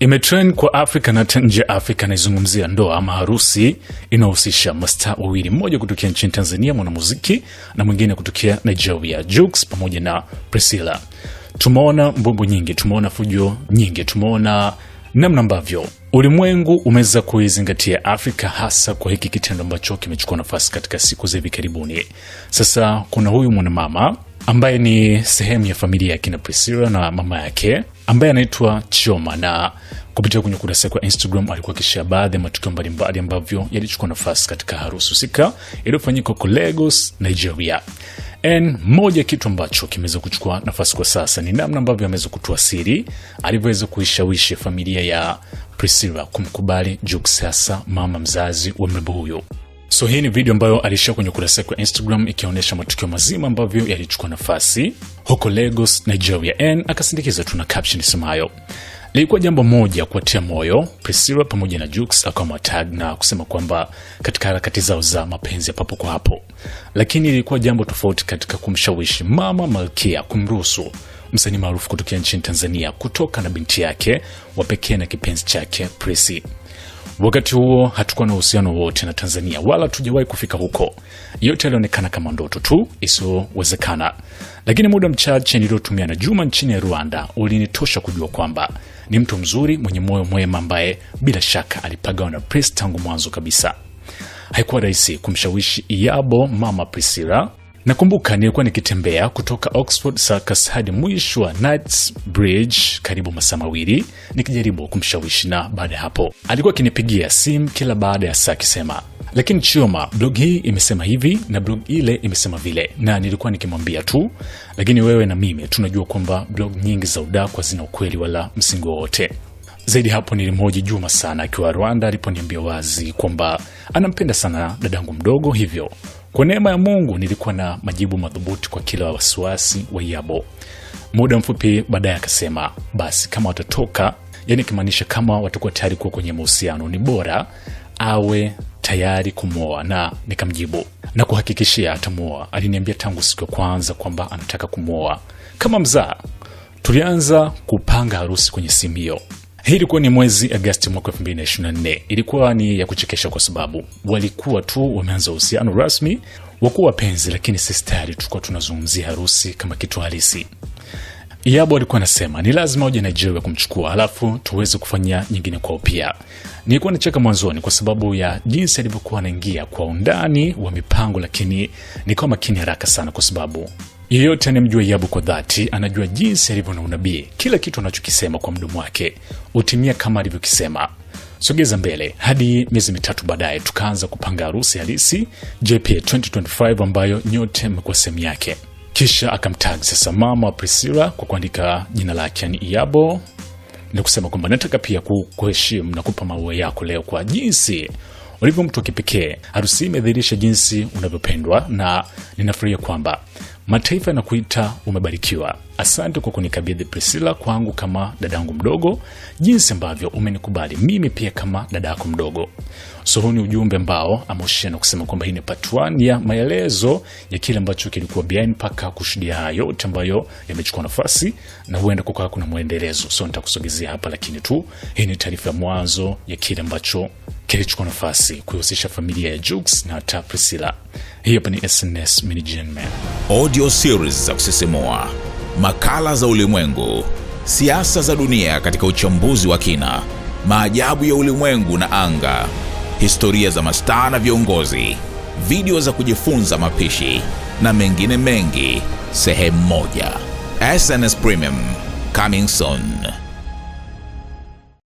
imetrend kwa Afrika na hata nje ya Afrika. Naizungumzia ndoa ama harusi inayohusisha masta wawili, mmoja kutokea nchini Tanzania, mwanamuziki na mwingine kutokea Nigeria, juks pamoja na Priscilla. Tumeona mbwembo nyingi, tumeona fujo nyingi, tumeona namna ambavyo ulimwengu umeweza kuizingatia Afrika hasa kwa hiki kitendo ambacho kimechukua nafasi katika siku za hivi karibuni. Sasa kuna huyu mwanamama ambaye ni sehemu ya familia ya kina Priscilla na mama yake ambaye anaitwa Chioma na kupitia kwenye ukurasa wake wa Instagram alikuwa akishia baadhi ya matukio mbalimbali ambavyo yalichukua nafasi katika harusi husika iliyofanyika huko Lagos, Nigeria. And moja kitu ambacho kimeweza kuchukua nafasi kwa sasa ni namna ambavyo ameweza kutoa siri alivyoweza kuishawishi familia ya Priscilla kumkubali Jux, hasa mama mzazi wa mrembo huyo. So hii ni video ambayo alishia kwenye ukurasa wake wa Instagram ikionyesha matukio mazima ambavyo yalichukua nafasi huko Lagos, Nigeria n akasindikiza tu na caption isemayo lilikuwa jambo moja kuwatia moyo Priscilla pamoja na akawa akawatag na kusema kwamba katika harakati zao za mapenzi ya papo kwa hapo, lakini ilikuwa jambo tofauti katika kumshawishi mama Malkia kumruhusu msanii maarufu kutokea nchini Tanzania kutoka na binti yake wa pekee na kipenzi chake Prissy. Wakati huo hatukuwa na uhusiano wote na Tanzania wala tujawahi kufika huko. Yote yalionekana kama ndoto tu isiyowezekana, lakini muda mchache niliotumia na Juma nchini ya Rwanda ulinitosha kujua kwamba ni mtu mzuri mwenye moyo mwema ambaye bila shaka alipagawa na Pris tangu mwanzo kabisa. Haikuwa rahisi kumshawishi Iyabo mama Priscilla Nakumbuka nilikuwa nikitembea kutoka Oxford Circus hadi mwisho wa Bridge karibu masaa mawili, nikijaribu kumshawishi, na baada ya hapo alikuwa akinipigia simu kila baada ya saa akisema, lakini Chioma, blog hii imesema hivi na blog ile imesema vile, na nilikuwa nikimwambia tu, lakini wewe na mimi tunajua kwamba blog nyingi za udakwa zina ukweli wala msingi wowote. Zaidi hapo nilimhoji Juma sana akiwa Rwanda, aliponiambia wazi kwamba anampenda sana dadangu mdogo, hivyo kwa neema ya Mungu nilikuwa na majibu madhubuti kwa kila wasiwasi wa Yabo. Muda mfupi baadaye akasema, basi kama watatoka, yani akimaanisha kama watakuwa tayari kuwa kwenye mahusiano, ni bora awe tayari kumwoa. Na nikamjibu na kuhakikishia atamwoa. Aliniambia tangu siku ya kwanza kwamba anataka kumwoa kama mzaa. Tulianza kupanga harusi kwenye simu hiyo. Hii ilikuwa ni mwezi Agosti mwaka 2024. Ilikuwa ni ya kuchekesha kwa sababu walikuwa tu wameanza uhusiano rasmi wakuwa wapenzi, lakini sisi tayari tulikuwa tunazungumzia harusi kama kitu halisi. Yabo alikuwa anasema ni lazima uje Nigeria kumchukua, alafu tuweze kufanya nyingine kwao pia. Nilikuwa nacheka mwanzoni kwa sababu ya jinsi alivyokuwa anaingia kwa undani wa mipango, lakini nikawa makini haraka sana, kwa sababu yeyote anayemjua Yabu kwa dhati anajua jinsi alivyo na unabii. Kila kitu anachokisema kwa mdomo wake hutimia kama alivyokisema. Sogeza mbele hadi miezi mitatu baadaye, tukaanza kupanga harusi halisi JPA 2025 ambayo nyote mmekuwa sehemu yake kisha akamtag sasa mama wa Priscilla kwa kuandika jina lake yani Iyabo na kusema kwamba nataka pia kukuheshimu na kupa maua yako leo kwa jinsi ulivyo mtu wa kipekee. Harusi imedhihirisha jinsi unavyopendwa na ninafurahia kwamba mataifa yanakuita umebarikiwa. Asante kwa kunikabidhi Priscilla kwangu kama dadangu mdogo, jinsi ambavyo umenikubali mimi pia kama dadako mdogo. So huu ni ujumbe ambao ameoshia kusema kwamba hii ni part ya maelezo ya kile ambacho kilikuwa behind mpaka kushuhudia haya yote ambayo yamechukua nafasi, na huenda kukawa kuna mwendelezo. So nitakusogezea hapa, lakini tu hii ni taarifa ya mwanzo ya kile ambacho kilichukua nafasi kuihusisha familia ya Jux na ta Priscilla. hiyo hapa ni SNS Minigen audio series za kusisimua, makala za ulimwengu, siasa za dunia katika uchambuzi wa kina, maajabu ya ulimwengu na anga, historia za mastaa na viongozi, video za kujifunza mapishi na mengine mengi, sehemu moja. SNS Premium coming soon.